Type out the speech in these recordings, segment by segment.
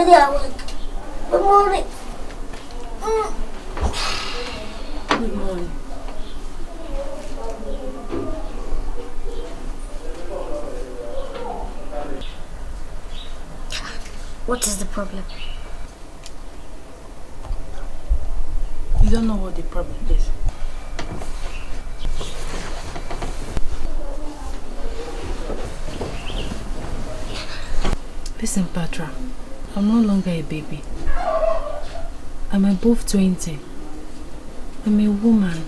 right now. Like, good morning. Mm. Good morning. What is the problem? You don't know what the problem is. Listen, Patra. I'm no longer a baby. I'm above 20. I'm a woman.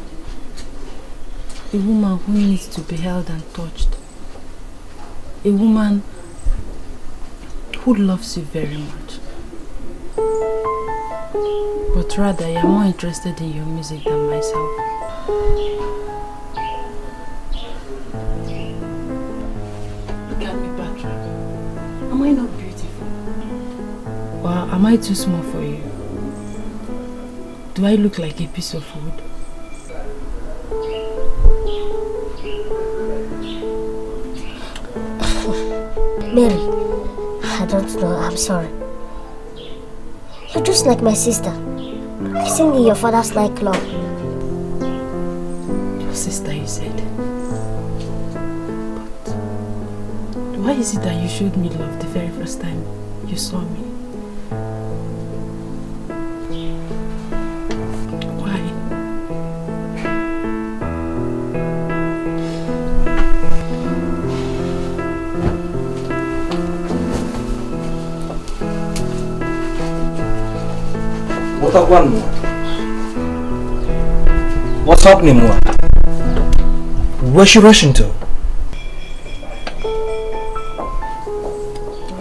A woman who needs to be held and touched. A woman who loves you very much. But rather, I am more interested in your music than myself. I too small for you? Do I look like a piece of wood? Mary, I don't know, I'm sorry. You're just like my sister. I sing in your father's nightclub. Your sister, you said. But why is it that you showed me love the very first time you saw me? utakuwa one more? What's happening mwa? Where's she rushing to?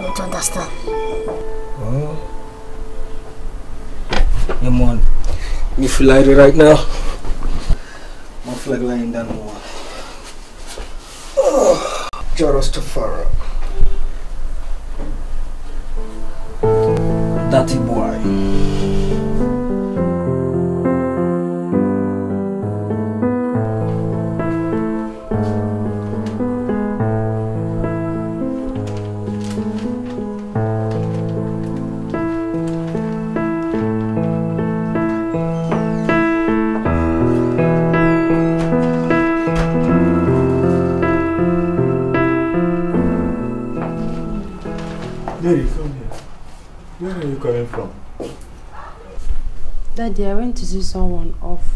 You don't understand. Oh. Yeah, man. You feel like right now? I feel like lying down more. Daddy, I went to see someone off.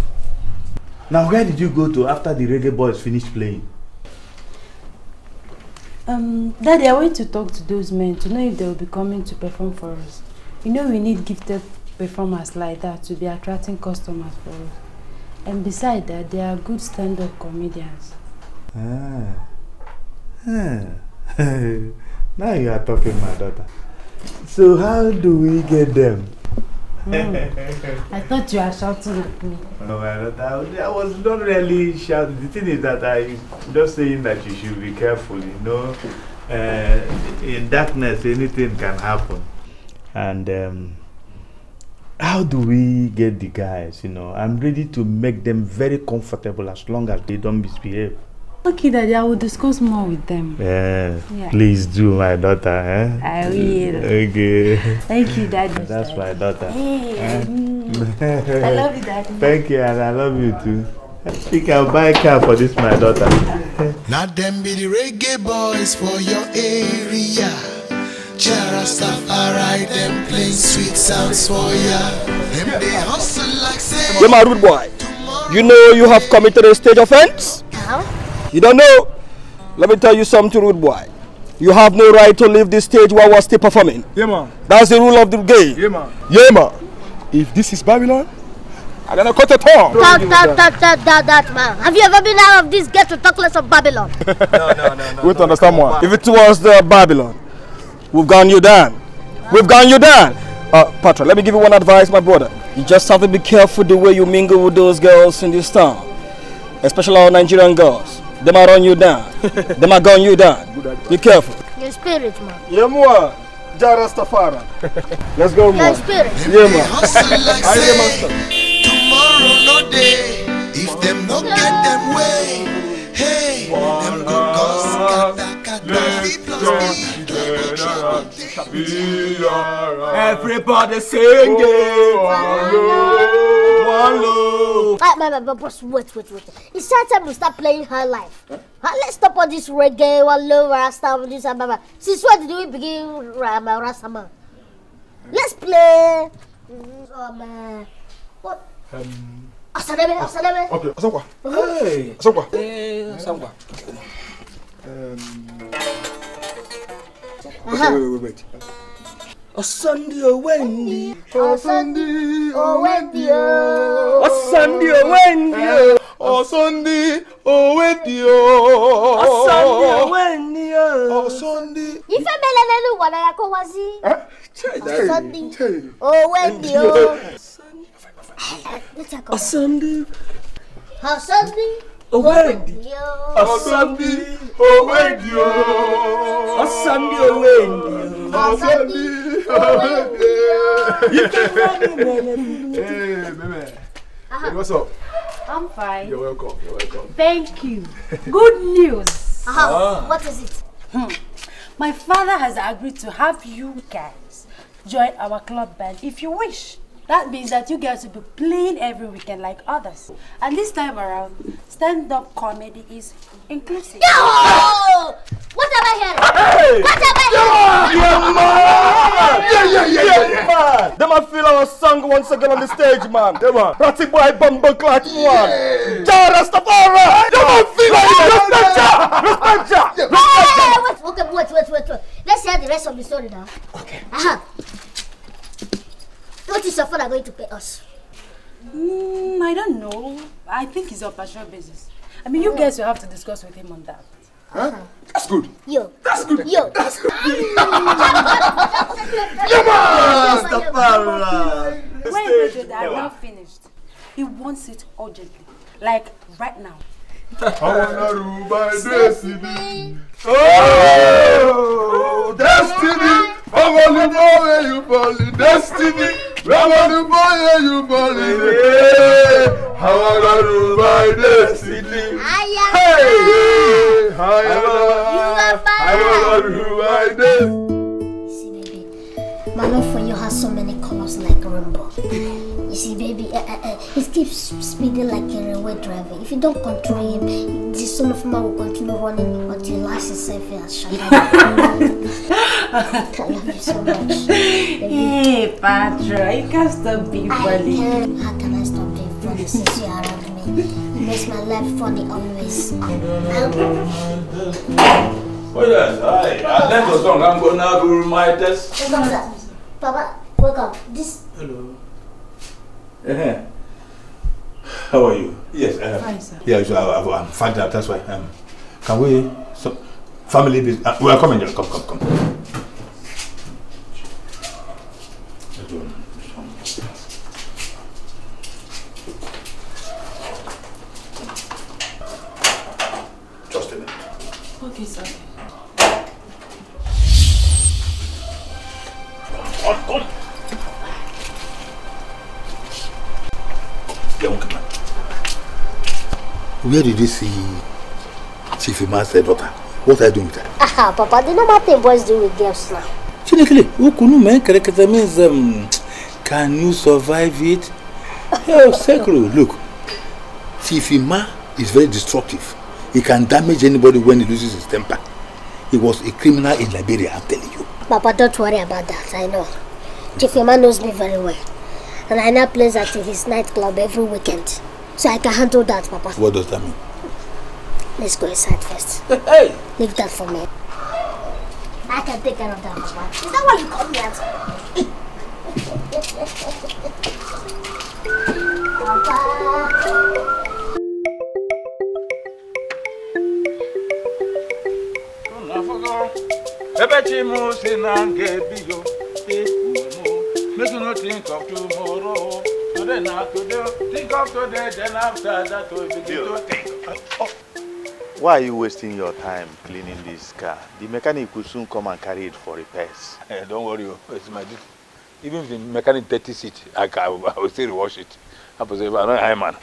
Now, where did you go to after the reggae boys finished playing? Um, Daddy, I went to talk to those men to know if they will be coming to perform for us. You know we need gifted performers like that to be attracting customers for us. And besides that, they are good stand-up comedians. Ah. ah. now you are talking, my daughter. So how do we get them? Mm. I thought you were shouting at me. No, I, I was not really shouting. The thing is that I just saying that you should be careful, you know. Uh, in darkness, anything can happen. And um, how do we get the guys, you know? I'm ready to make them very comfortable as long as they don't misbehave. Okay, Daddy, I will discuss more with them. Yeah. Please do, my daughter. Eh? I will. Okay. Thank you, Daddy. That's Daddy. my daughter. Eh? I love you, Daddy. Thank you, and I love you too. She can buy a car for this, my daughter. Not them be the reggae boys for your area. Chara Safari, them playing sweet sounds for ya. Them be hustle like say. You're my rude boy. You know you have committed a stage offense? How? Uh-huh. You don't know. Let me tell you something, rude boy. You have no right to leave this stage while we're still performing. Yeah, That's the rule of the game. Yeah, man. Yeah, If this is Babylon, I'm gonna cut it off. That, that, that, that, that, that, man. Have you ever been out of this ghetto talk less of Babylon? no, no, no, no. We no, understand no, one. If it was the Babylon, we've gone you down. We've gone you down. Uh, Patra, let me give you one advice, my brother. You just have to be careful the way you mingle with those girls in this town, especially our Nigerian girls. They might run you down. they might gun you down. Be careful. Your spirit, man. Yeah, more. Jarastafara. Let's go, man. Your spirit. Yeah, man. I am master. Tomorrow, no day. If them no get them way, hey, them go cause kata kata. Everybody sing it. Hello. Ah, my, my, my boss, wait, wait, wait. It's time time we start playing her life. Huh? Ah, let's stop all this reggae, one low rasta, all this and blah. Since when did we begin um, uh, Let's play. Um, what? Um. Asadebe, oh, Asadebe. Okay, Asankwa. Hey, Asankwa. Hey, eh, Asankwa. Um. Uh -huh. Wait, wait, wait, wait. Ọ̀sán-dí Owéǹdí. Ọ̀sán-dí Owéǹdí o. Ọ̀sán-dí Owéǹdí o. Ọ̀sán-dí Owéǹdí o. Ọ̀sán-dí Owéǹdí o. Ọ̀sán-dí. Ifẹ̀ mélòó lẹ́nu wà lára kó wá sí? Ọ̀sán-dí Owéǹdí o. Ọ̀sán-dí. Ọ̀sán-dí Owéǹdí. Ọ̀sán-dí Owéǹdí o. Ọ̀sán-dí Owéǹdí Uh-huh. Hey, what's up? I'm fine. You're welcome. You're welcome. Thank you. Good news. Uh -huh. ah. What is it? Hmm. My father has agreed to have you guys join our club band if you wish. That means that you guys will be playing every weekend like others. And this time around, stand-up comedy is inclusive. No! Hey! Yeah, man. Yeah, yeah, yeah, man. Them I feel our song once again on the stage, man. Them man. Ratty boy, bumble clack, man. Yeah, Rastafari. Them I feel our respect ya. Respect ya. Respect ya. Wait, okay, wait, wait, wait, wait. Let's hear the rest of the story now. Okay. Aha. Uh-huh. What is your father going to pay us? Mm, I don't know. I think it's on partial basis. I mean, you oh. guys will have to discuss with him on that. That's good. Yo. That's good. Yo. That's good. Yaman! Stapara! Wait, wait, wait, I'm not finished. He wants it urgently. Like, right now. I wanna destiny. Oh, oh destiny. I want to boy, you bully. Destiny. I want to boy, you bully. I want to buy destiny. Hey! higher love. higher than who I am. See, baby, Mama for you has so many colors like a rainbow. you see, baby, uh, uh, uh, he keeps speeding like a railway driver. If you don't control him, this son of man will continue running until he locks himself in a shut I love you so much. Baby. Hey, Patra, you can't stop being funny. How can I stop? always is my life funny always. I the song. I'm gonna do my test. Papa, wake up. This. Hello. Uh -huh. How are you? Yes, Fine, sir. Yeah, so I, I, am fine. That's why. Um, can we? So, family business. Uh, are coming. Just Come, come, come. Okay, Where did you see Chief Iman's daughter? What are you doing with her? Aha, Papa, the normal thing boys do with girls now. Chinekele, ukunu men kerekete means um, can you survive it? Yo, Sekiro, look, Chief Iman is very destructive. He can damage anybody when he loses his temper. He was a criminal in Liberia, I'm telling you. Papa, don't worry about that. I know. Chief Yama knows me very well. And I now plays at his nightclub every weekend. So I can handle that, Papa. What does that mean? Let's go inside first. Hey! Leave that for me. I can take care of that, Papa. Is that why you called me out? Papa! Ebechi mu si na nke biyo ekuomo. Make no think of tomorrow. Today na today. Think of today, then after that we begin to think. Oh. Why are you wasting your time cleaning this car? The mechanic will soon come and carry it for repairs. Hey, eh, don't worry, it's my duty. Even if the mechanic dirty seat, I, I, I will still wash it. I'm am not high man.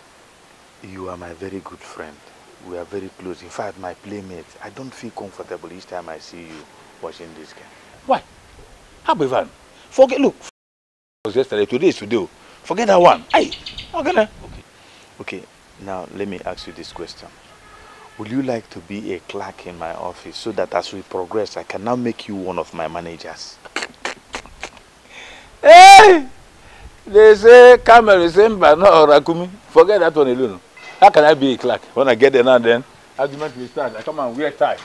you are my very good friend we are very close. In fact, my playmates, I don't feel comfortable each time I see you watching this game. Why? Abivan, forget, look, forget was yesterday, today is today. Oh. Forget that one. Hey, okay, okay. Okay, now let me ask you this question. Would you like to be a clerk in my office so that as we progress, I can now make you one of my managers? Hey! They say camel is in Bana or Akumi. Forget that one alone. How can I be a clerk? When I get there now, then argument will start. I come and wear tie.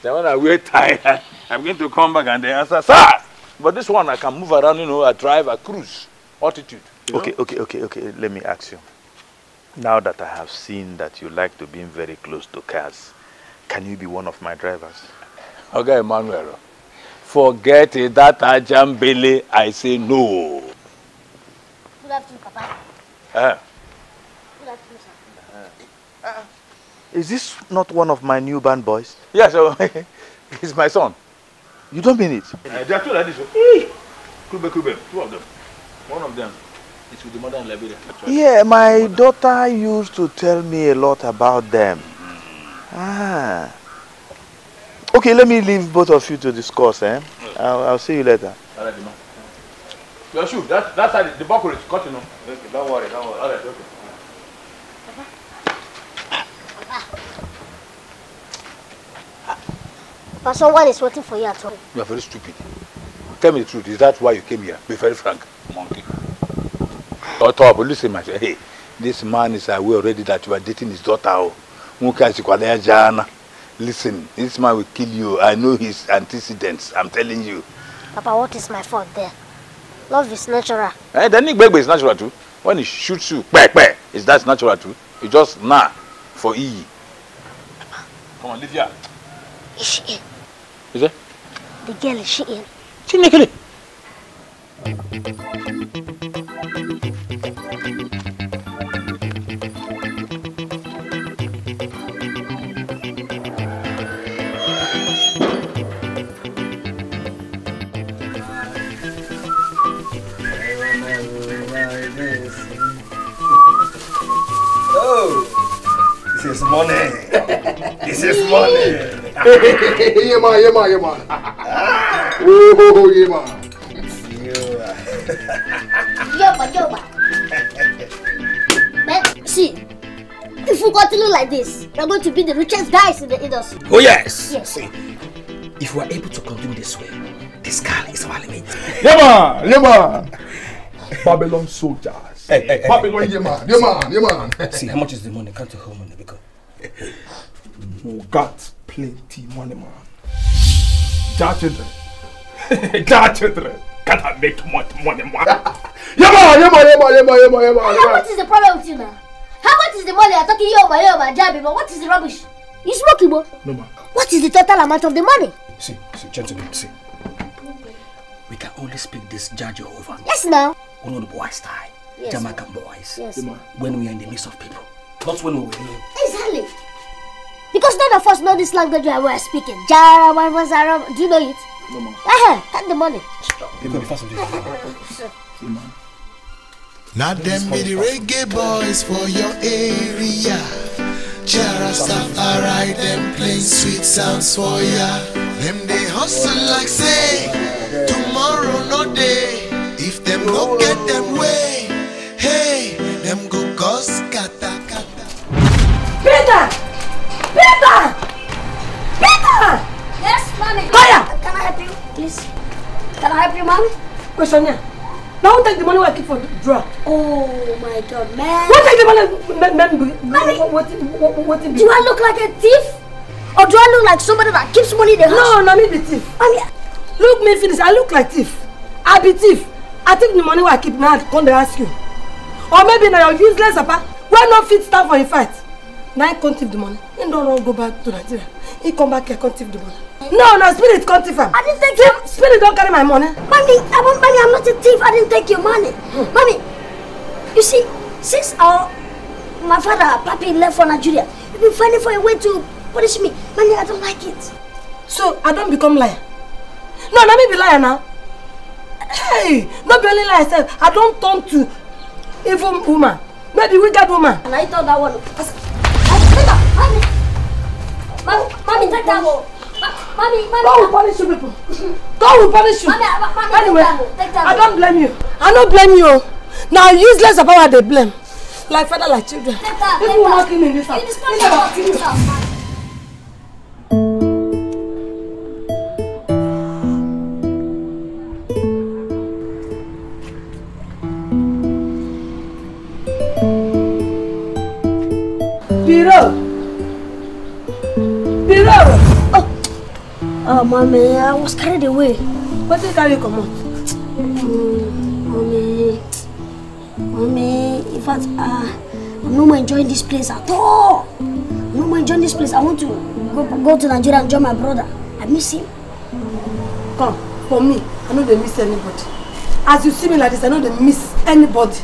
Then when I wear tie, I'm going to come back and they answer, sir. But this one, I can move around. You know, I drive, I cruise, altitude. Okay, know? okay, okay, okay. Let me ask you. Now that I have seen that you like to be very close to cars, can you be one of my drivers? Okay, Emmanuel. Forget it, that Ajambele, I say no. Good afternoon, Papa. Uh eh? -huh. Is this not one of my new band boys? Yes, yeah, so he's my son. You don't mean it? Uh, eh, there are two ladies. Hey! Kube Kube, two of them. One of them is with the mother in Liberia. Actually. Yeah, my daughter used to tell me a lot about them. Mm-hmm. Ah. Okay, let me leave both of you to discuss, eh? I'll, I'll see you later. All right, Your shoe, that, that's how the buckle is cut, You know? Okay, don't worry, don't worry. All right, okay. But someone is waiting for you at home. You are very stupid. Tell me the truth. Is that why you came here? Be very frank, monkey. Oh, top, listen, my hey, this man is aware already that you are dating his daughter. Oh. Listen, this man will kill you. I know his antecedents. I'm telling you. Papa, what is my fault there? Love is natural. Eh, then Igbegbe is natural too. When he shoots you, peh, peh, is that natural too? You just nah for E. Come on, leave here. شيئين اذا رجال شيئين شنو كده Oh, this is money. this is money. Yema, yema, yema. Oh, yema. Yoba, yoba. Man, see, if we continue like this, we are going to be the richest guys in the industry. Oh, yes. Yes. See, if we are able to continue this way, this sky is our limit. Yema, yema. Babylon soldiers. Hey, hey, hey, Babylon, hey, yema, hey, yema, See, how much is the money? Count your whole money, because. Mugat. plenty money, man. Jar children. Jar children. Gotta make much money, man. yama, yama, yama, yama, yama, yama. Yeah, what is the problem with you now? How much is the money I'm talking here, my yama, but what is the rubbish? You smoking, Ibo? No, man. What is the total amount of the money? See, see, gentlemen, see. We can only speak this judge over. Yes, now. One of the boys' style. Yes, Jamaican boys. Yes, When we are in the midst of people. Not when we were in. Because none of us know this language where we're speaking. Jara, Do you know it? No, ma'am. Uh-huh. the money. fast now them be the reggae boys for your area. Jara Safari, them playing sweet sounds for ya. Them they hustle like say, tomorrow no day. If them go get them way, hey, them go go kata kata. Peter! Peter! Peter! Yes, mommy. Kaya! Can I help you? Please. Can I help you, mommy? Question here. Now take the money I keep for the Oh my god, man. What take the money? man? what, what, what, what, do I look like a thief? Or do I look like somebody that keeps money in the house? No, no, me be thief. I mean, look me finish. I look like thief. I be thief. I take the money I keep now. Come to ask you. Or maybe now you're useless papa. Why not fit stand for a fight? Now I can't thief the money. He don't want go back to Nigeria. He come back here, can't thief the money. No, no, spirit can't thief him. I didn't take him. Spirit don't carry my money. Mommy, I want money. I'm not a thief. I didn't take your money. Hmm. Mommy, you see, since our my father, Papi, left for Nigeria, you've been finding for a way to punish me. Mommy, I don't like it. So, I don't become liar? No, let me be liar now. Hey, not be only liar self. I don't turn to evil woman. Maybe wicked woman. And I thought that one. Mommy, take that one. Mommy, mommy. God will punish you people. God will punish you. Mommy, mommy, anyway, I don't blame you. I don't blame you. Now useless about what they blame. Like father, like children. Take that, people will that. not kill me this in this house. Mommy, I was carried away. What did you carry come out? Mm, mommy, mommy, in fact, uh, I'm not enjoying this place at all. I'm not enjoying this place. I want to go, go to Nigeria and join my brother. I miss him. Come, for me, I know they miss anybody. As you see me like this, I know they miss anybody.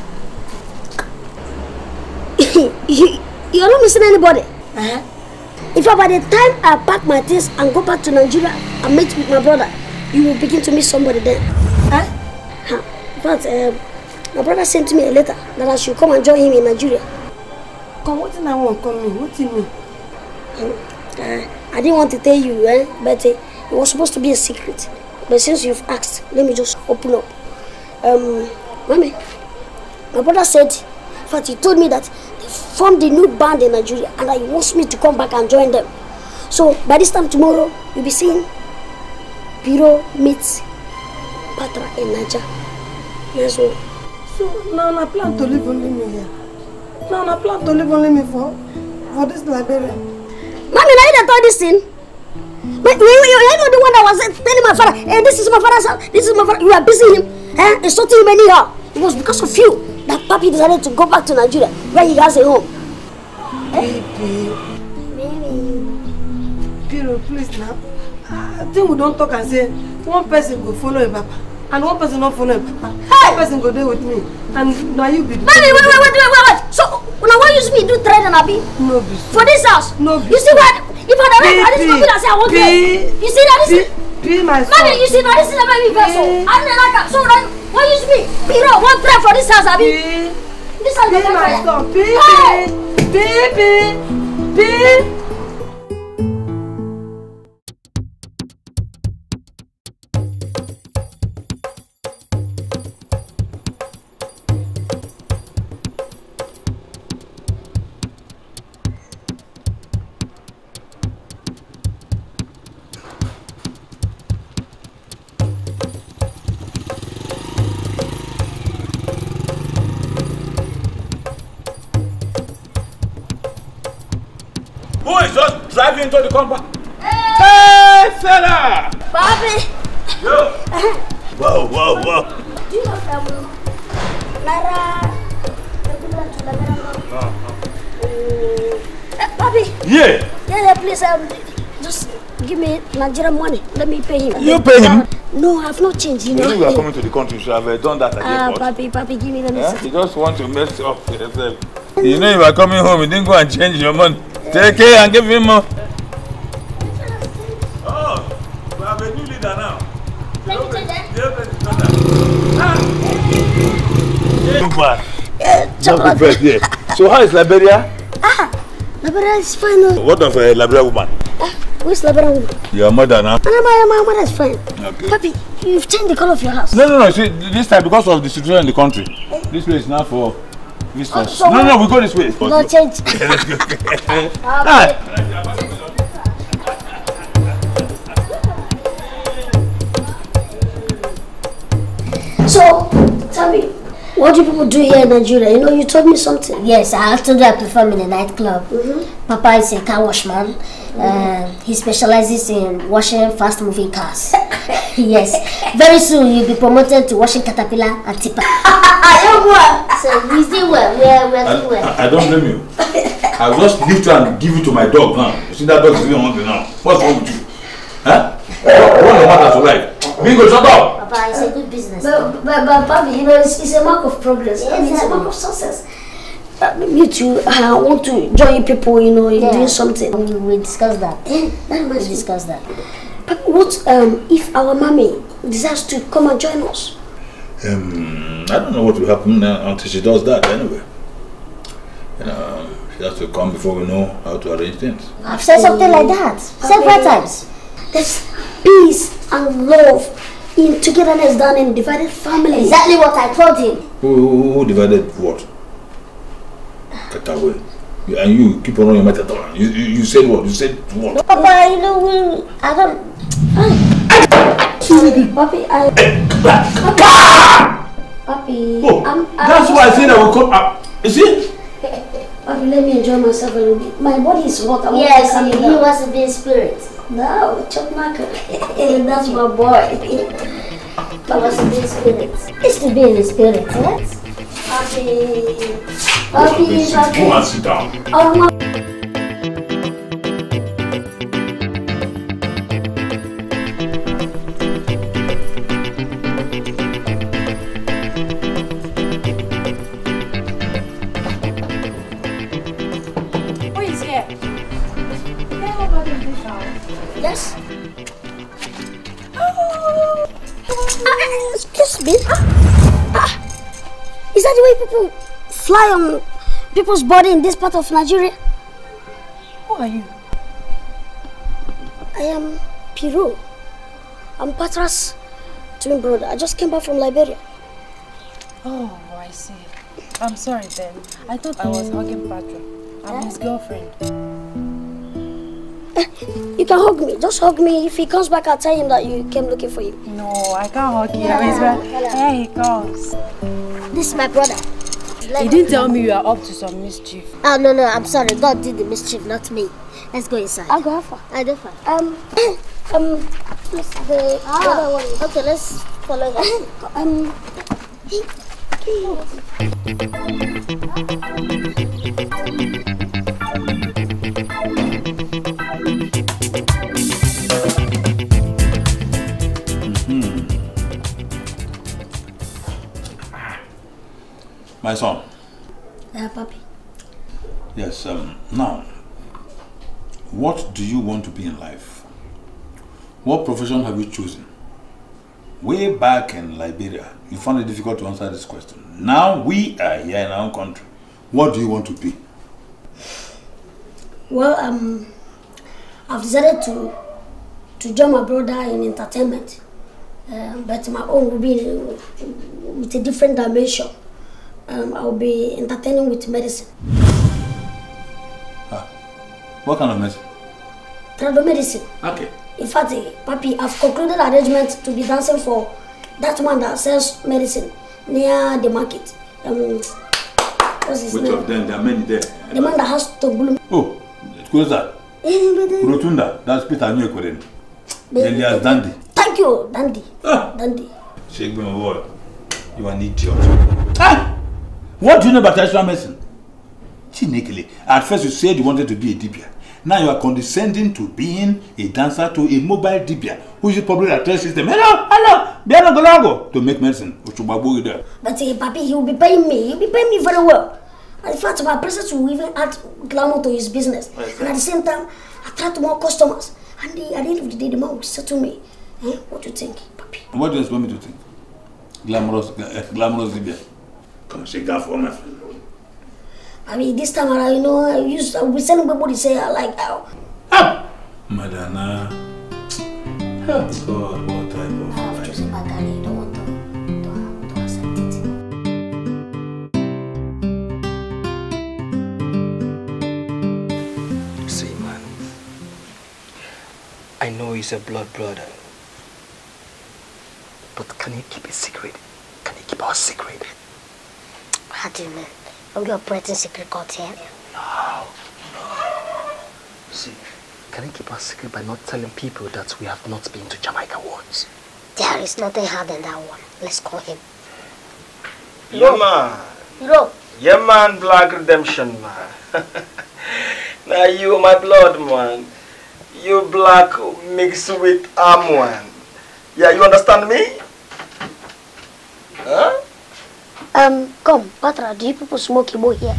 You're not missing anybody? Uh eh? -huh. In fact, by the time I pack my things and go back to Nigeria and meet with my brother, you will begin to meet somebody then. Huh? huh. But um, my brother sent me a letter that I should come and join him in Nigeria. Come, what did I want come in? What do you mean? I didn't want to tell you, eh, but uh, it was supposed to be a secret. But since you've asked, let me just open up. Um, mommy, my brother said, in fact, he told me that formed a new band in Nigeria and he wants me to come back and join them. So by this time tomorrow, you'll be seeing Piro meets Patra in Niger. Yes, sir. So now I plan to leave only me here. Now I plan to leave only me for, for this Liberia. Mommy, now you told this thing. But you, you, you know the one that was telling my father, hey, eh, this is my father's son, this is my father. You are busy him, eh? insulting him anyhow. It was because of you. that Papi decided to go back to Nigeria where he has a home. Eh? Baby. Mary. Piro, please now. I think we don't talk and say one person go follow him papa and one person not follow him papa. Hey! One person go there with me and now you be the Mary, wait, wait, wait, wait, wait, wait. So now what you see me do threaten and abi? No be. For this house? No be. You see what? If I don't like, I just go and say I want to. You see that? This Be my son. Mommy, you see, this is a baby vessel. I'm not like that. So then, what you speak? Be not prayer for this house, Abi. this house be my son. be, be, be, be. is just driving into the compound. Hey, hey Sarah! Bobby! Yo! whoa, whoa, whoa! Do you know Sabu? Nara. Uh-huh. Uh -huh. Bobby! Yeah! Yeah, yeah, please, um, just give me Nigerian money. Let me pay him. You pay him? No, I've not changed. You know, you are coming to the country, so I've uh, done that at the airport. Ah, papi, papi, give me the message. Yeah? You just want to mess up yourself. You know, you are coming home, you didn't go and change your money. Take care and give him more. Oh, we have a new leader now. Chocolate. Chocolate. Yeah. So how is Liberia? Ah, Liberia is fine. Oh. What of a uh, eh, Liberia woman? Ah, who is Liberia woman? Your mother now. Huh? Ah, my, my mother is fine. Okay. Papi, you've changed the color of your house. No, no, no. See, this time because of the situation in the country, eh? this place is now for This one. Oh, so no, no, we go this way. No change. yeah, let's go. ah. So, tell me, what do people do here in Nigeria? You know, you told me something. Yes, I told you I perform in a nightclub. Mm-hmm. Papa is a car washman. Mm-hmm. Uh, he specializes in washing fast-moving cars. yes. Very soon, you'll be promoted to washing Caterpillar and Tipper. So we still were, where, where we were. I, I don't blame you. I just lift and give it to my dog now. You see that dog is really hungry now. What's wrong with you? Huh? What, what matters to life? Bingo, shut up! Papa, it's a good business. But, but, but Papi, you know, it's, it's a mark of progress. Yes, I mean, it's a mark of success. Uh, me too. I want to join people, you know, in yeah. doing something. We, we discuss that. Yeah, that we discuss that. But what um, if our mommy decides to come and join us? Um, I don't know what will happen now until she does that anyway. You know, um, she has to come before we know how to arrange things. I've said something like that several times. There's peace and love in togetherness done in divided family. Mm. Exactly what I told him. Who, who, who divided what? Get away. And you keep on your mouth You, you, you said what? You said what? Papa, you know, I don't. Papi, I... Eh, ah! Papi, oh, That's why I said I will come up. You see? Papi, let me enjoy myself a little bit. My body is hot. I want yes, to calm down. was be in spirit. No, Chuck Marker. That's my boy. I was in the spirit. It's to be in the spirit, yes? Eh? Papi. Oh, papi, Papi. Come and sit down. Oh, my... people fly on people's body in this part of Nigeria. Who are you? I am Piru. I'm Patra's twin brother. I just came back from Liberia. Oh, I see. I'm sorry then. I thought I was hugging Patra. I'm his girlfriend. Eh, you can hug me. Just hug me. If he comes back, I'll tell him that you came looking for you. No, I can't hug you. Yeah. Hey, he comes. This is my brother. Let you didn't tell me you are up to some mischief. Oh, no, no, I'm sorry. God did the mischief, not me. Let's go inside. I'll go after. I'll go far. Um, um, the ah. one. Okay, let's follow her. um, my son. Uh, Papi. Yes, um, now, what do you want to be in life? What profession have you chosen? Way back in Liberia, you found it difficult to answer this question. Now we are here in our own country. What do you want to be? Well, um, I've decided to to join my brother in entertainment, uh, but my own will be with a different dimension. Um, I'll be entertaining with medicine. Ah, what kind of medicine? Tribal medicine. Okay. In fact, eh, Papi, I've concluded arrangement to be dancing for that man that sells medicine near the market. Um, what's his Which name? of them? There are many there. The man that has to bloom. Oh, that? Eh, Rotunda. That's Peter Nyekoren. Elias Dandy. Thank you, Dandy. Ah. Dandy. Shake me a word. You are an idiot. Ah! What do you know about traditional medicine? Chinekele, at first you said you wanted to be a dibia. Now you are condescending to being a dancer to a mobile dibia who is probably a test system. Hello, hello, Biano Golago to make medicine. Uchubabu there. But hey, eh, Papi, he will be paying me. He will be paying me very well. And in fact, my presence will even add glamour to his business. And at the same time, attract more customers. And the, at the end of the day, the man will settle me. Eh? What do you think, Papi? What do you expect me to think? Glamorous, uh, glamorous dibia. She got for my I mean, this time around, you know, I used to be sending people to say I ah, like how. Ah. ah! Madana. Oh, God, what type of. I have to say, Bagari, you don't want to. I know he's a blood brother. But can he keep it secret? Can he keep our secret? 하지는 여기 오프라이팅 secret got him. No, no. See, can I keep our secret by not telling people that we have not been to Jamaica once? There is nothing harder than that one. Let's call him. Yema. Bro. Yeman Black Redemption, man. now you my blood, man. You black mixed with arm, man. Yeah, you understand me? Huh? Um, come, Patra, do you people smoke boy here?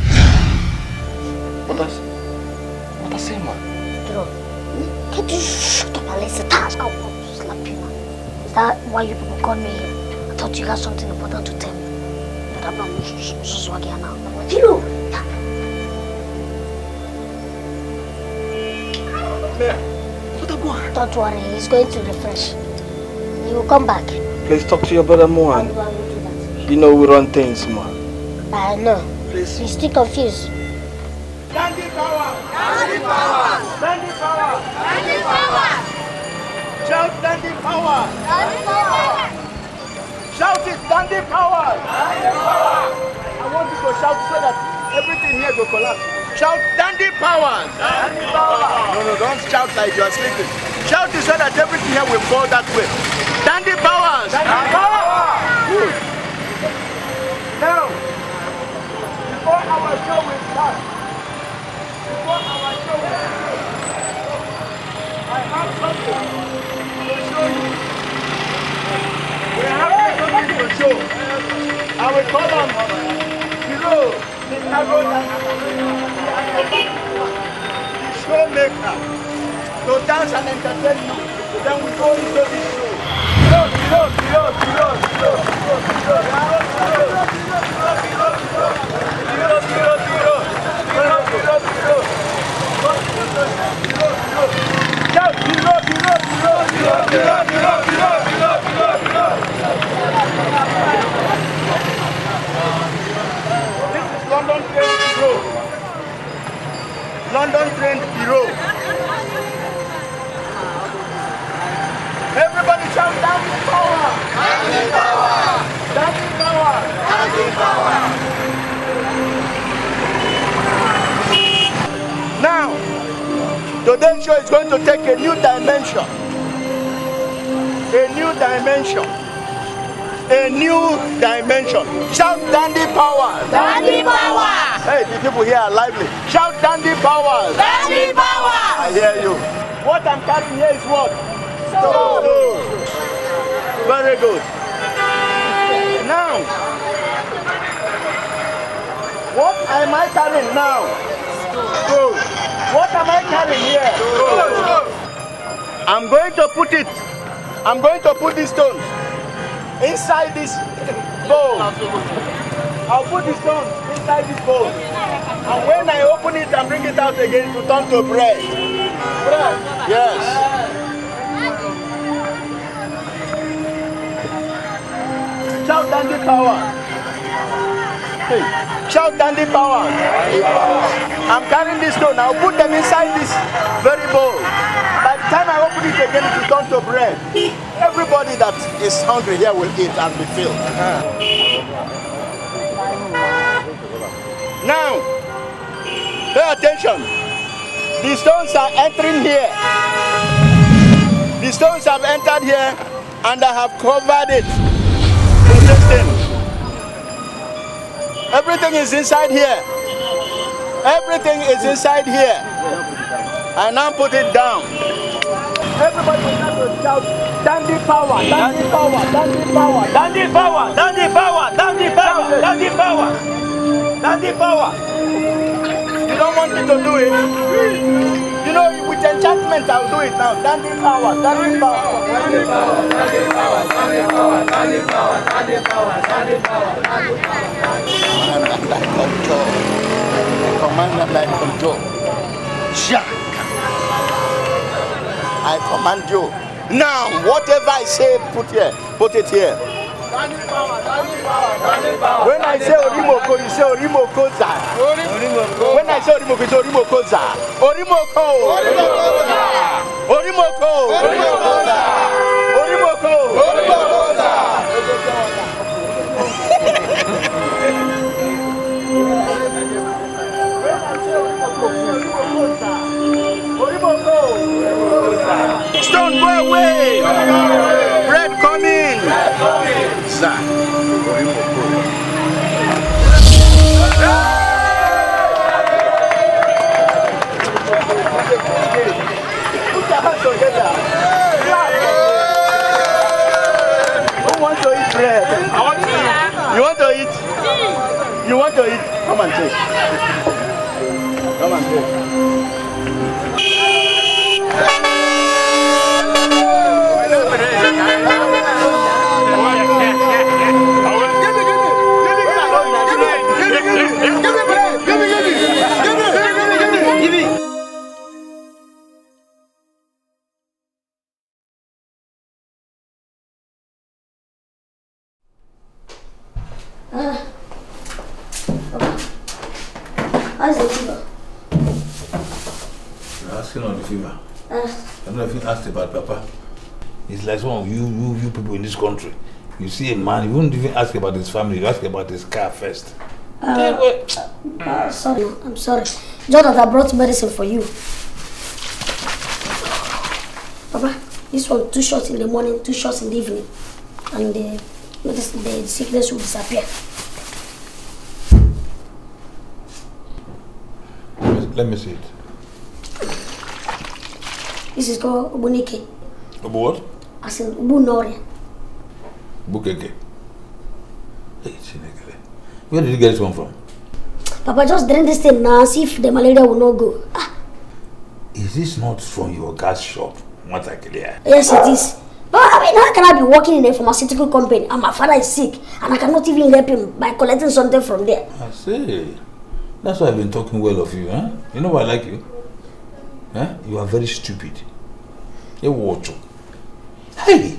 What does... What does say, man? can't you shut up and listen? Task, I will slap you, man. Is that why you people called me here? I thought you had something important to tell me. But I'm not so swaggy now. Piro! Don't worry, he's going to refresh. He will come back. Please talk to your brother Mohan. You know we run things, man. I know. Please. You still confused. Dandy power! Dandy power! Dandy power! Dandy power! Shout Dandy power! Dandy power! Shout it, Dandy power! Dandy power! I want you to shout so that everything here will collapse. Shout Dandy power! Dandy power! No, no, don't shout like you are sleeping. Shout it so that everything here will fall that way. Dandy Powers! Dandy power! show is done, before our show is done, I have something to show you. We have something to show. I will call them below the tarot the showmaker to dance and entertain you. Then we go into the show. Below, below, below, below, below, below, below, below, below, below, below, below, below. London train hero. Everybody shout Danny Power! Danny Power! Danny Power! Danny Power! Now, today's show is going to take a new dimension. A new dimension. A new dimension. Shout Dandy Powers. Dandy Powers. Hey, the people here are lively. Shout Dandy Powers. Dandy Powers. I hear you. What I'm carrying here is what? So. Soul. Very good. Now, what am I carrying now? What am I carrying here? I'm going to put it. I'm going to put these stones inside this bowl. I'll put the stones inside this bowl. And when I open it and bring it out again, it will turn to bread. Bread? Yes. Shout down the power. Shout Dandy Power! I'm carrying this stone. I'll put them inside this very bowl. By the time I open it again, it will turn to bread. Everybody that is hungry here will eat and be filled. Now, pay attention. The stones are entering here. The stones have entered here and I have covered it. Protesting. Everything is inside here. Everything is inside here. I now put it down. Everybody will now shout, Dandy power, dandy power, dandy power, dandy power, dandy power, dandy power, dandy power, dandy power. You don't want me to do it. You know, with enchantment, I'll do it now. Standing power, standing power, standing power, standing power, standing power, standing power, standing power, standing power, standing power. Commander, I control. Jack, I command you. Now, whatever I say, put here, put it here. When I say Orimoko, you say Orimoko za. When I say Orimoko, you Orimoko za. Orimoko. Orimoko za. Orimoko. Orimoko za. Orimoko. Orimoko za. Stone, go away! sá orí mò ń Who wants to eat bread? I want to eat. You want to eat? You want to eat? Come on, take. Come on. take. like some of you, you, you people in this country. You see a man, you would not even ask about his family, you ask about his car first. Uh, uh, uh, sorry, I'm sorry. Jordan, I brought medicine for you. Papa, this one, two shots in the morning, two shots in the evening. And the, medicine, the sickness will disappear. Let me see it. This is called Obunike. Obu what? asị ugbu na ọrịa Bukeke. Hey, Chinekele. Where did you get this one from? Papa, just drink this thing now, see if the malaria will not go. Ah. Is this not from your gas shop, Matakilea? Yes, it is. But I mean, how can I be working in a pharmaceutical company and my father is sick and I cannot even help him by collecting something from there? I see. That's why I've been talking well of you, huh? You know why I like you? Huh? You are very stupid. You watch. Hey,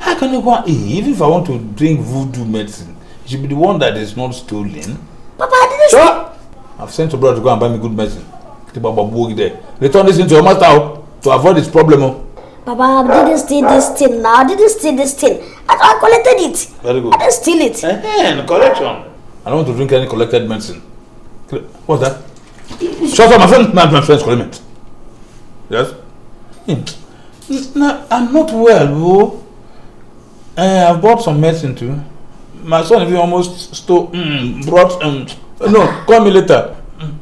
how can you go even if I want to drink voodoo medicine? It should be the one that is not stolen. Papa, I didn't. Sure. I've sent your brother to go and buy me good medicine. The there. Return this into your master oh, to avoid this problem. Baba, oh. I didn't steal this thing now. I didn't steal this thing. I, I collected it. Very good. I didn't steal it. And collection. I don't want to drink any collected medicine. What's that? Shut up, my friend. My friend's calling me. Yes? Hmm. No, I'm not well, bro. Uh, I've bought some medicine too. My son even almost stole, mm, brought, um, no, call me later.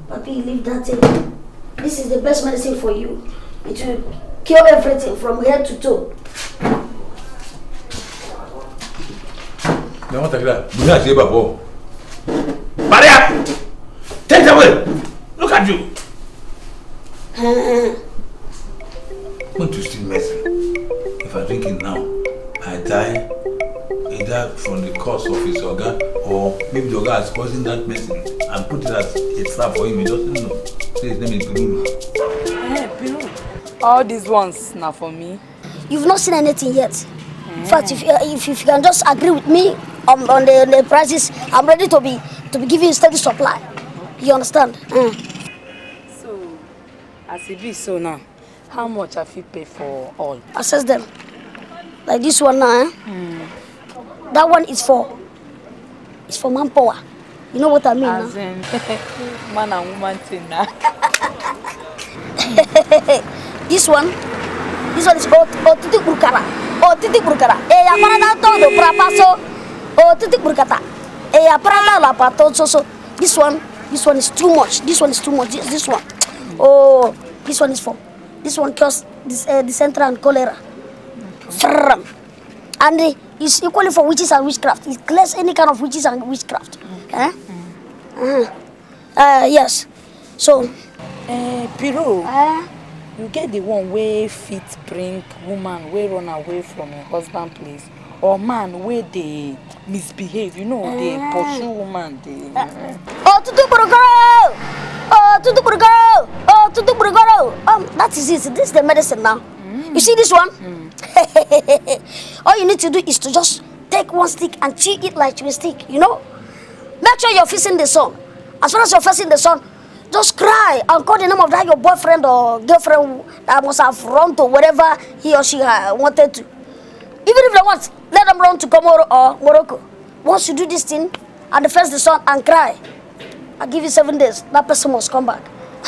Papi, leave that alone. This is the best medicine for you. It will cure everything from head to toe. Now what like that? You not able to. Maria, take it away. Look at you. Eh, eh, What do you still medicine? If I drink it now, I die either from the cause of his organ or maybe the organ is causing that medicine and put it as a trap for him. He doesn't know. Say his name is Bruno. Hey, eh, Bruno. All these ones now for me. You've not seen anything yet. Mm. In eh. fact, if, uh, if, if you can just agree with me on, um, on, the, on the prices, I'm ready to be to be giving steady supply. You understand? Mm. So, as it be so now. How much have you paid for all? Assess them. Like this one now, eh? Mm. That one is for, it's for manpower. You know what I mean? As now? in, man and woman thing now. this one, this one is called Otiti Burkara. Otiti Burkara. Eh, ya para na to do prapa so. Otiti Burkata. Eya eh, ya para na la pato so so. This one, this one is too much. This one is too much. This, this one. Oh, this one is for This one cures this, uh, dysentery and cholera. Okay. And uh, it's equally for witches and witchcraft. It clears any kind of witches and witchcraft. Okay. Eh? Mm. Uh, yes. So. Uh, eh, Piro, uh, uh-huh. you get the one where fit bring woman where run away from her husband place or man where they misbehave you know dey uh, pursue woman dey. òtútù for òtútù girl tutu burugoro. Um, that is it. This is the medicine now. Mm. You see this one? Mm. All you need to do is to just take one stick and chew it like a stick, you know? Make sure you're facing the sun. As soon as you're facing the sun, just cry and call the name of that your boyfriend or girlfriend that must have run to wherever he or she uh, wanted to. Even if they want, let them run to Comoro or Morocco. Once you do this thing and face the sun and cry, I give you seven days. That person must come back.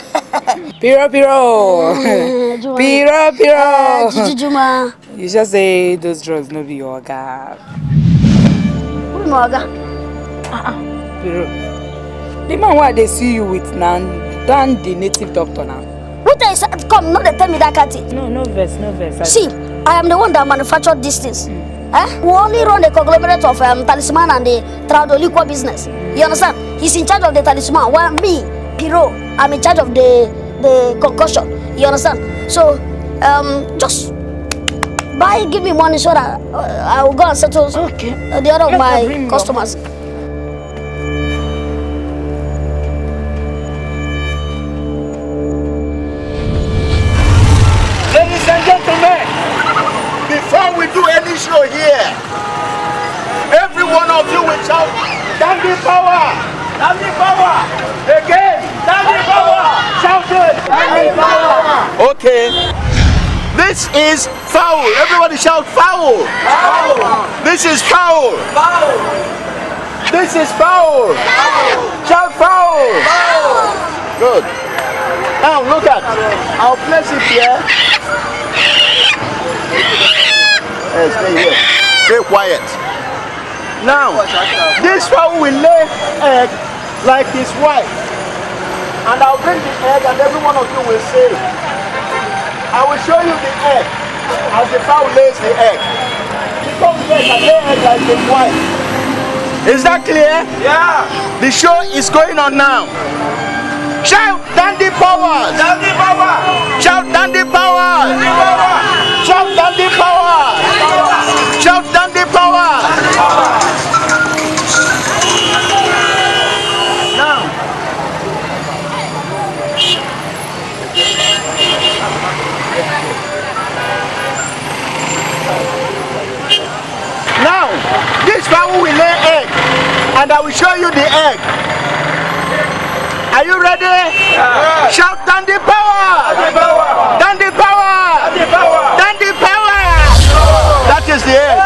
Piro Piro. Mm, piro Piro. Uh, Juma. You just say those drugs no be your oga. Who my oga? Uh-uh. Piro. The man why they see you with now, than the native doctor now. What is Come, no, they tell me that cat No, no verse, no verse. I... See, I am the one that manufactured this thing. Mm. Eh? We only run the conglomerate of um, Talisman and the Traudoliqua business. You understand? He's in charge of the Talisman. While me, bureau. I'm in charge of the the concussion. You understand? So um, just buy, give me money so that I will go and settle okay. the other of my customers. Okay. This is foul. Everybody shout foul. Foul. This is foul. Foul. This is foul. foul. Shout foul. Foul. Good. Now look at. I'll place it here. stay here. Stay quiet. Now, this one will lay egg like his wife. And I'll bring the egg and every one of you will say. I will show you the egg as the fowl lays the egg. The fowl lays an egg like the wife. Is that clear? Yeah. The show is going on now. Shout Dandy Powers! Dandy Power! Shout Dandy Powers! Dandy Power! Shout Dandy Powers! Shout Dandy Powers! Dandy Powers! Swan will lay egg, and I will show you the egg. Are you ready? Yeah. Shout Dandy Power! Dandy Power! Dandy Power! Dandy Power! Power! That is the egg.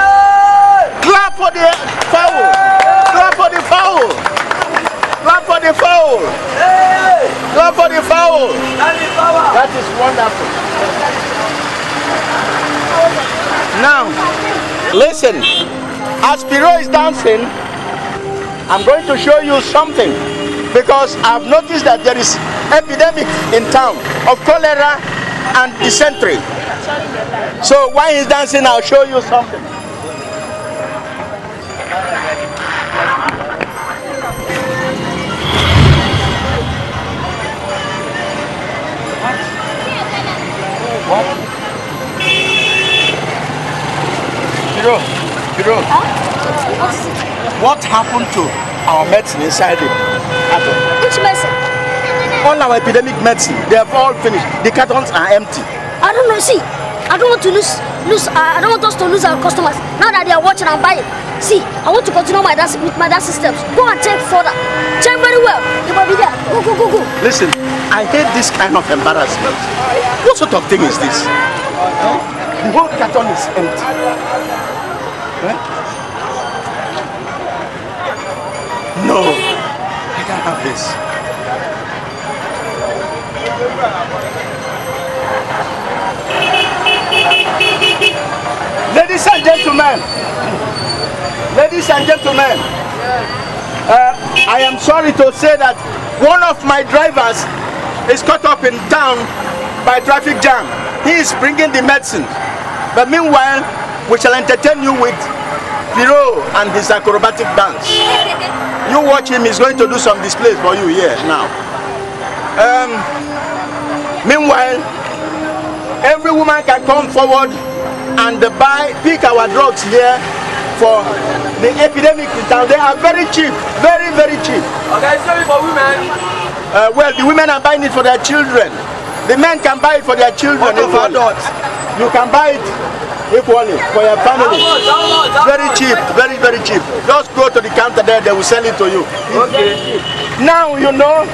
Clap for the power! Clap for the power! Clap for the power! Clap for the fowl! Dandy Power! That is wonderful. Now, listen. As Piro is dancing, I'm going to show you something because I've noticed that there is epidemic in town of cholera and dysentery. So while he's dancing, I'll show you something. What? What? Huh? what happened to our medicine inside it? Which medicine? All our epidemic medicine, they have all finished. The cartons are empty. I don't know. See, I don't want to lose, lose. Uh, I don't want us to lose our customers now that they are watching and buying. See, I want to continue my dance with my dance systems. Go and check further. Check very well. You will be there. Go, go, go, go. Listen, I hate this kind of embarrassment. What sort of thing is this? The whole carton is empty. Huh? Eh? I got this. Ladies and gentlemen, ladies and gentlemen, uh, I am sorry to say that one of my drivers is caught up in town by traffic jam. He is bringing the medicine. But meanwhile, we shall entertain you with Piro and his acrobatic dance. You watch him, he's going to do some displays for you here now. Um, meanwhile, every woman can come forward and buy, pick our drugs here for the epidemic Now They are very cheap, very, very cheap. Okay, sorry for women. Uh, well, the women are buying it for their children. The men can buy it for their children. What if adults? You can buy it equally for your family. Very cheap, very, very cheap. Just go to the counter there, they will sell it to you. Okay. Now, you know,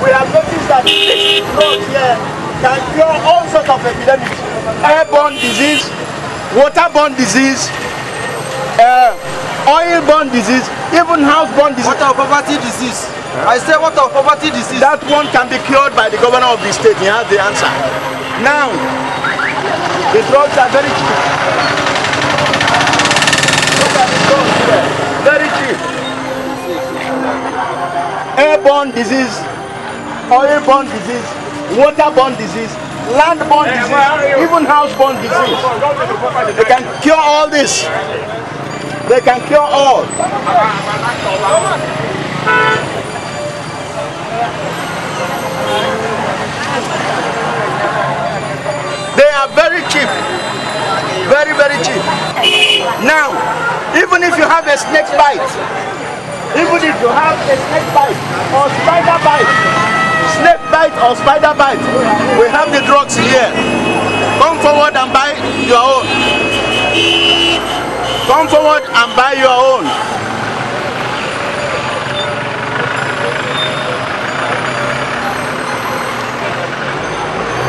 we have noticed that this road here can cure all sorts of epidemics. Airborne disease, waterborne disease, uh, oil-borne disease, even house-borne disease. Water poverty disease. I say what of poverty disease? That one can be cured by the governor of the state. He has the answer. Now, the drugs are very cheap. Look at the drugs here. Very cheap. Airborne disease, oil-borne disease, water-borne disease, land-borne disease, even house-borne disease. They can cure all this. They can cure all. They are very cheap. Very, very cheap. Now, even if you have a snake bite, even if you have a snake bite or spider bite, snake bite or spider bite, we have the drugs here. Come forward and buy your own. Come forward and buy your own.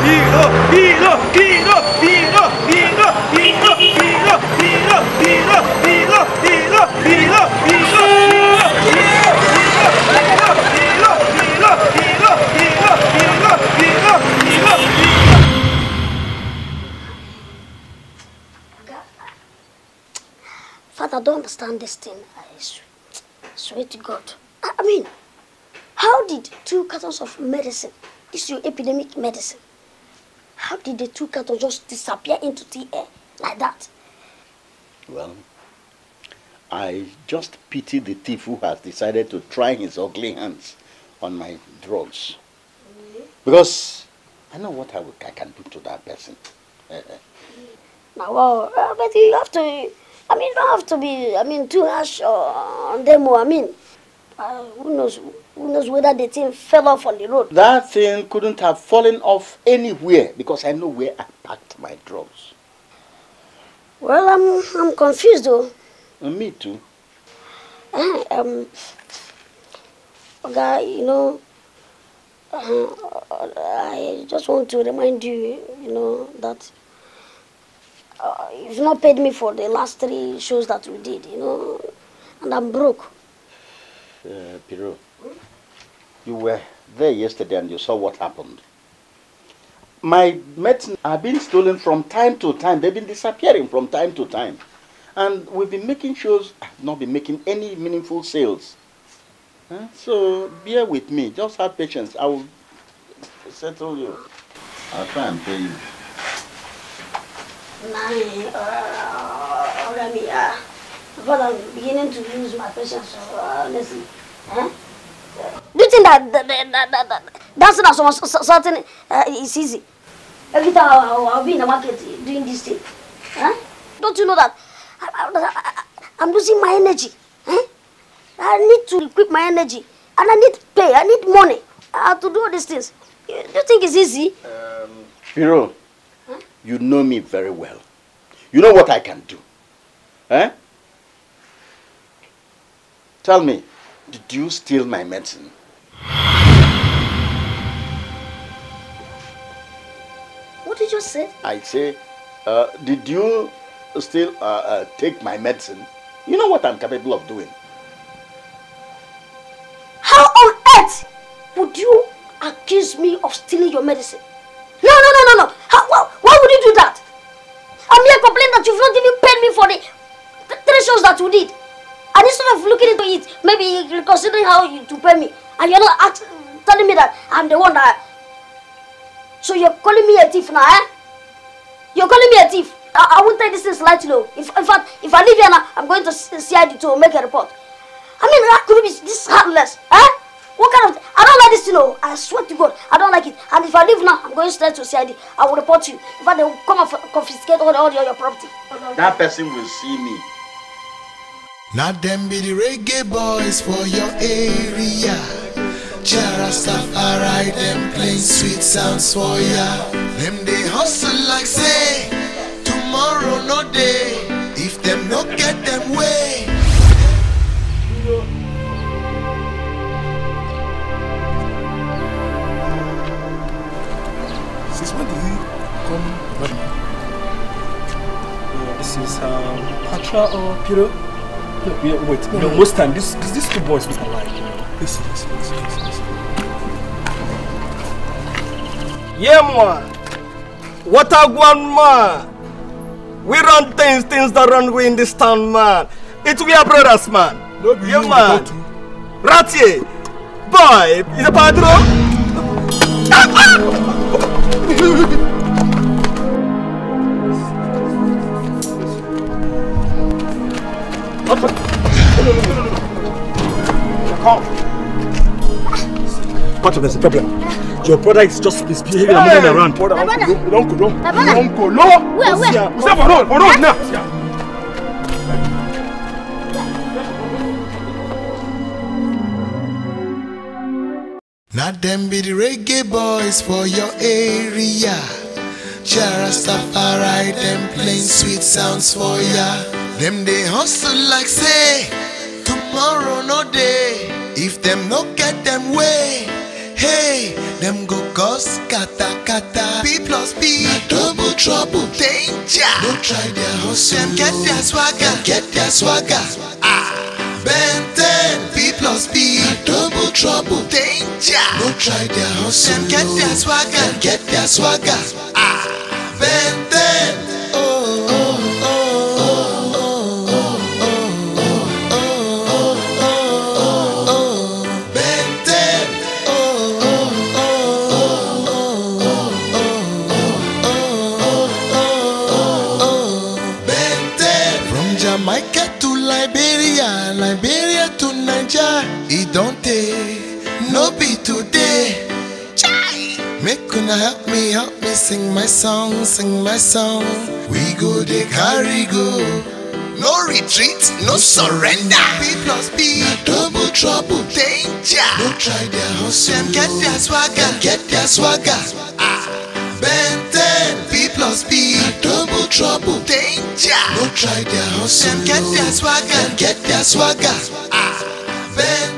Here. Oh, Father, I don't understand this thing. I swear to God. I mean, how did two cartons of medicine this your epidemic medicine? How did the two cartons just disappear into the air like that? Well, I just pity the thief who has decided to try his ugly hands on my drugs. Because I know what I, I can do to that person. Eh, eh. now, well, uh, but you have to, I mean, you don't have to be, I mean, too harsh on them, oh, I mean, uh, who knows, Who knows whether the thing fell off on the road? That thing couldn't have fallen off anywhere because I know where I packed my drugs. Well, I'm, I'm confused though. And me too. Uh, um, Oga, okay, you know, uh, I just want to remind you, you know, that uh, you've not paid me for the last three shows that we did, you know, and I'm broke. Uh, Piro, you were there yesterday and you saw what happened. My medicine have been stolen from time to time. They've been disappearing from time to time. And we've been making shows, I've ah, not been making any meaningful sales. So bear with me. Just have patience. I will settle you. I'll try and pay you. Mommy, uh, uh, I'm beginning to lose my patience. Uh, listen, huh? Do you think that, that, that, that, that dancing at someone something uh, is easy? Every time I'll, I'll be in the market doing this thing. Huh? Don't you know that I, I, I, I'm losing my energy? Huh? I need to equip my energy. And I need pay. I need money. I have to do all these things. Do you think it's easy? Um, Piro, huh? you know me very well. You know what I can do. Huh? Eh? Tell me, Did you steal my medicine? What did you say? I say, uh, did you still uh, uh, take my medicine? You know what I'm capable of doing. How on earth would you accuse me of stealing your medicine? No, no, no, no, no. How, why, why would you do that? I'm here complaining that you've not even paid me for the th three shows that you did. And instead of looking into it, maybe considering how you to pay me. And you're not telling me that I'm the one that. So you're calling me a thief now, eh? You're calling me a thief. I, I won't take this thing lightly. If, in fact, if I leave here now, I'm going to CID to make a report. I mean, that could be this heartless, eh? What kind of. I don't like this, you know. I swear to God, I don't like it. And if I leave now, I'm going straight to CID. I will report you. In fact, they will come and confiscate all, all your property. That person will see me. Now them be the reggae boys for your area. alright. them playing sweet sounds for ya. Them they hustle like say, tomorrow no day. If them no get them way. Since when did he come? This is um, Patra or Piro? Yeah, wait. No, no, most time, this, these two boys look alike, you know. Listen, listen, listen, listen, listen. Yeah, man. What a one, man. We run things, things that run we in this town, man. It's we are brothers, man. No, yeah, you man. Ratie. Boy, is a padro? Ah, ah. up, up. Come. Part there's a problem. Your brother is just misbehaving and moving around. Brother, uncle, uncle, uncle, uncle, uncle. Where, where? What's up, Ron? Ron, now. Now them be the reggae boys for your area. Jarastafari, them playing sweet sounds for ya. Them they hustle like say tomorrow no day. If them no get them way, hey, them go cause kata kata. B plus B. Na double trouble. Danger. don't try their hustle. Them get their swagger. Them get their swagger. Ah. Ben 10. B plus B. Na double trouble. Danger. don't try their hustle. Them get their swagger. Them get their swagger. Ah. Ben Gonna help me, help me sing my song, sing my song. We go de carry go. No retreat, no surrender. B plus B. Now double trouble. Danger. No try their hustle. Them get their swagger. Them get their swagger. Ah. Ben 10. B plus B. Now double trouble. Danger. No try their hustle. Them get their swagger. Them get their swagger. Ah. Ben